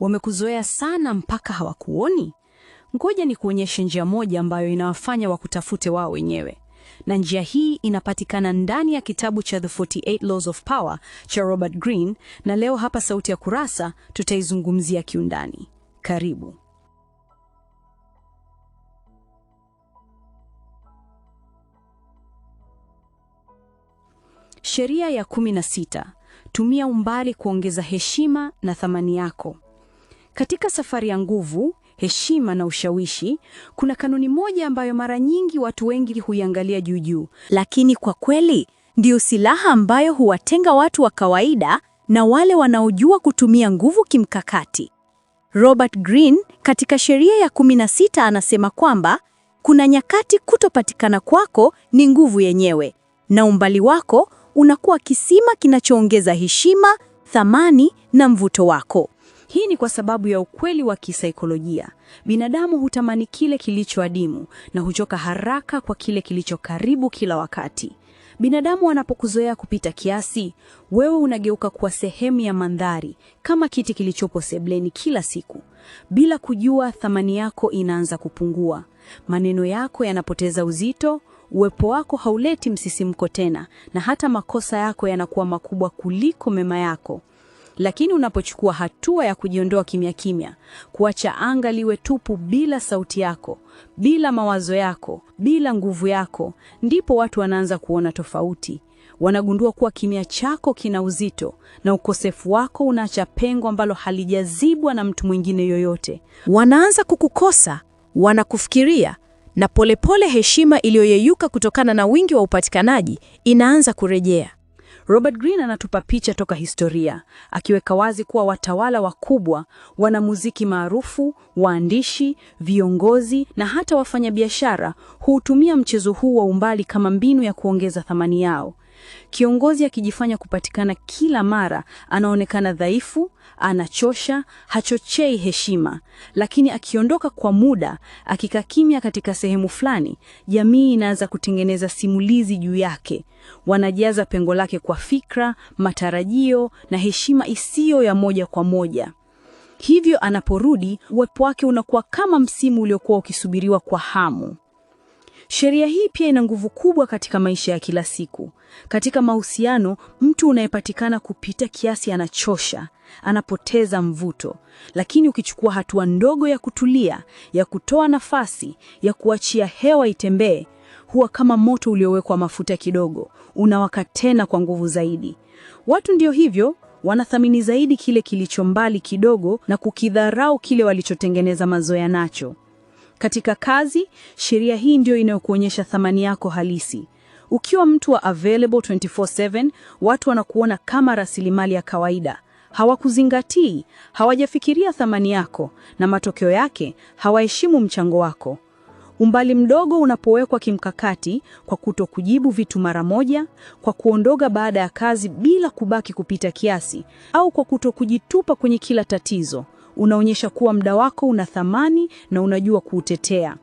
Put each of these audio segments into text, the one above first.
Wamekuzoea sana mpaka hawakuoni? Ngoja ni kuonyeshe njia moja ambayo inawafanya wakutafute wao wenyewe, na njia hii inapatikana ndani ya kitabu cha The 48 Laws of Power cha Robert Greene, na leo hapa Sauti ya Kurasa tutaizungumzia kiundani. Karibu. Sheria ya 16: tumia umbali kuongeza heshima na thamani yako. Katika safari ya nguvu, heshima na ushawishi, kuna kanuni moja ambayo mara nyingi watu wengi huiangalia juu juu, lakini kwa kweli ndiyo silaha ambayo huwatenga watu wa kawaida na wale wanaojua kutumia nguvu kimkakati. Robert Greene katika sheria ya 16 anasema kwamba kuna nyakati kutopatikana kwako ni nguvu yenyewe, na umbali wako unakuwa kisima kinachoongeza heshima, thamani na mvuto wako. Hii ni kwa sababu ya ukweli wa kisaikolojia. Binadamu hutamani kile kilicho adimu na huchoka haraka kwa kile kilicho karibu kila wakati. Binadamu wanapokuzoea kupita kiasi, wewe unageuka kuwa sehemu ya mandhari, kama kiti kilichopo sebleni kila siku. Bila kujua, thamani yako inaanza kupungua. Maneno yako yanapoteza uzito, uwepo wako hauleti msisimko tena, na hata makosa yako yanakuwa makubwa kuliko mema yako. Lakini unapochukua hatua ya kujiondoa kimya kimya, kuacha anga liwe tupu bila sauti yako, bila mawazo yako, bila nguvu yako, ndipo watu wanaanza kuona tofauti. Wanagundua kuwa kimya chako kina uzito na ukosefu wako unaacha pengo ambalo halijazibwa na mtu mwingine yoyote. Wanaanza kukukosa, wanakufikiria na polepole pole heshima iliyoyeyuka kutokana na wingi wa upatikanaji inaanza kurejea. Robert Greene anatupa picha toka historia, akiweka wazi kuwa watawala wakubwa, wanamuziki maarufu, waandishi, viongozi na hata wafanyabiashara huutumia mchezo huu wa umbali kama mbinu ya kuongeza thamani yao. Kiongozi akijifanya kupatikana kila mara, anaonekana dhaifu, anachosha, hachochei heshima. Lakini akiondoka kwa muda, akikaa kimya katika sehemu fulani, jamii inaanza kutengeneza simulizi juu yake. Wanajaza pengo lake kwa fikra, matarajio na heshima isiyo ya moja kwa moja. Hivyo anaporudi, uwepo wake unakuwa kama msimu uliokuwa ukisubiriwa kwa hamu. Sheria hii pia ina nguvu kubwa katika maisha ya kila siku. Katika mahusiano, mtu unayepatikana kupita kiasi anachosha, anapoteza mvuto. Lakini ukichukua hatua ndogo ya kutulia, ya kutoa nafasi, ya kuachia hewa itembee, huwa kama moto uliowekwa mafuta kidogo, unawaka tena kwa nguvu zaidi. Watu ndio hivyo, wanathamini zaidi kile kilicho mbali kidogo na kukidharau kile walichotengeneza mazoea nacho. Katika kazi, sheria hii ndiyo inayokuonyesha thamani yako halisi. Ukiwa mtu wa available 24/7, watu wanakuona kama rasilimali ya kawaida. Hawakuzingatii, hawajafikiria thamani yako, na matokeo yake hawaheshimu mchango wako. Umbali mdogo unapowekwa kimkakati, kwa kuto kujibu vitu mara moja, kwa kuondoka baada ya kazi bila kubaki kupita kiasi, au kwa kuto kujitupa kwenye kila tatizo unaonyesha kuwa muda wako una thamani na unajua kuutetea.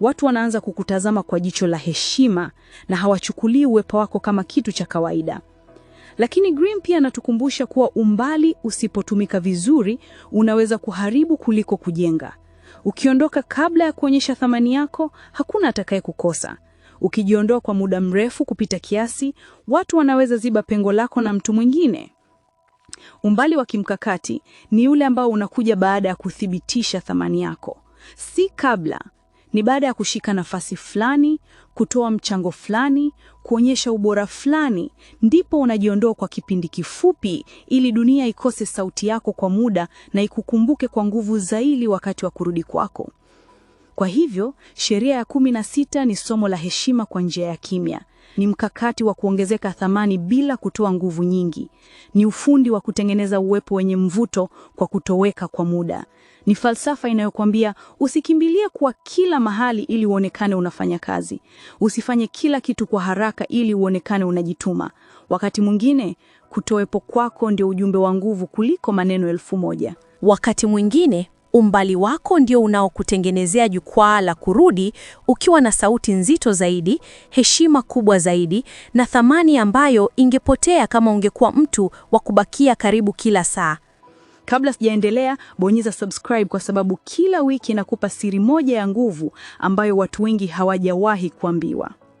Watu wanaanza kukutazama kwa jicho la heshima na hawachukulii uwepo wako kama kitu cha kawaida. Lakini Green pia anatukumbusha kuwa umbali usipotumika vizuri unaweza kuharibu kuliko kujenga. Ukiondoka kabla ya kuonyesha thamani yako, hakuna atakaye kukosa. Ukijiondoa kwa muda mrefu kupita kiasi, watu wanaweza ziba pengo lako na mtu mwingine. Umbali wa kimkakati ni ule ambao unakuja baada ya kuthibitisha thamani yako, si kabla. Ni baada ya kushika nafasi fulani, kutoa mchango fulani, kuonyesha ubora fulani, ndipo unajiondoa kwa kipindi kifupi, ili dunia ikose sauti yako kwa muda na ikukumbuke kwa nguvu zaidi wakati wa kurudi kwako. Kwa hivyo sheria ya kumi na sita ni somo la heshima kwa njia ya kimya ni mkakati wa kuongezeka thamani bila kutoa nguvu nyingi. Ni ufundi wa kutengeneza uwepo wenye mvuto kwa kutoweka kwa muda. Ni falsafa inayokwambia usikimbilie kwa kila mahali ili uonekane unafanya kazi. Usifanye kila kitu kwa haraka ili uonekane unajituma. Wakati mwingine kutowepo kwako ndio ujumbe wa nguvu kuliko maneno elfu moja. Wakati mwingine umbali wako ndio unaokutengenezea jukwaa la kurudi ukiwa na sauti nzito zaidi, heshima kubwa zaidi, na thamani ambayo ingepotea kama ungekuwa mtu wa kubakia karibu kila saa. Kabla sijaendelea, bonyeza subscribe kwa sababu kila wiki nakupa siri moja ya nguvu ambayo watu wengi hawajawahi kuambiwa.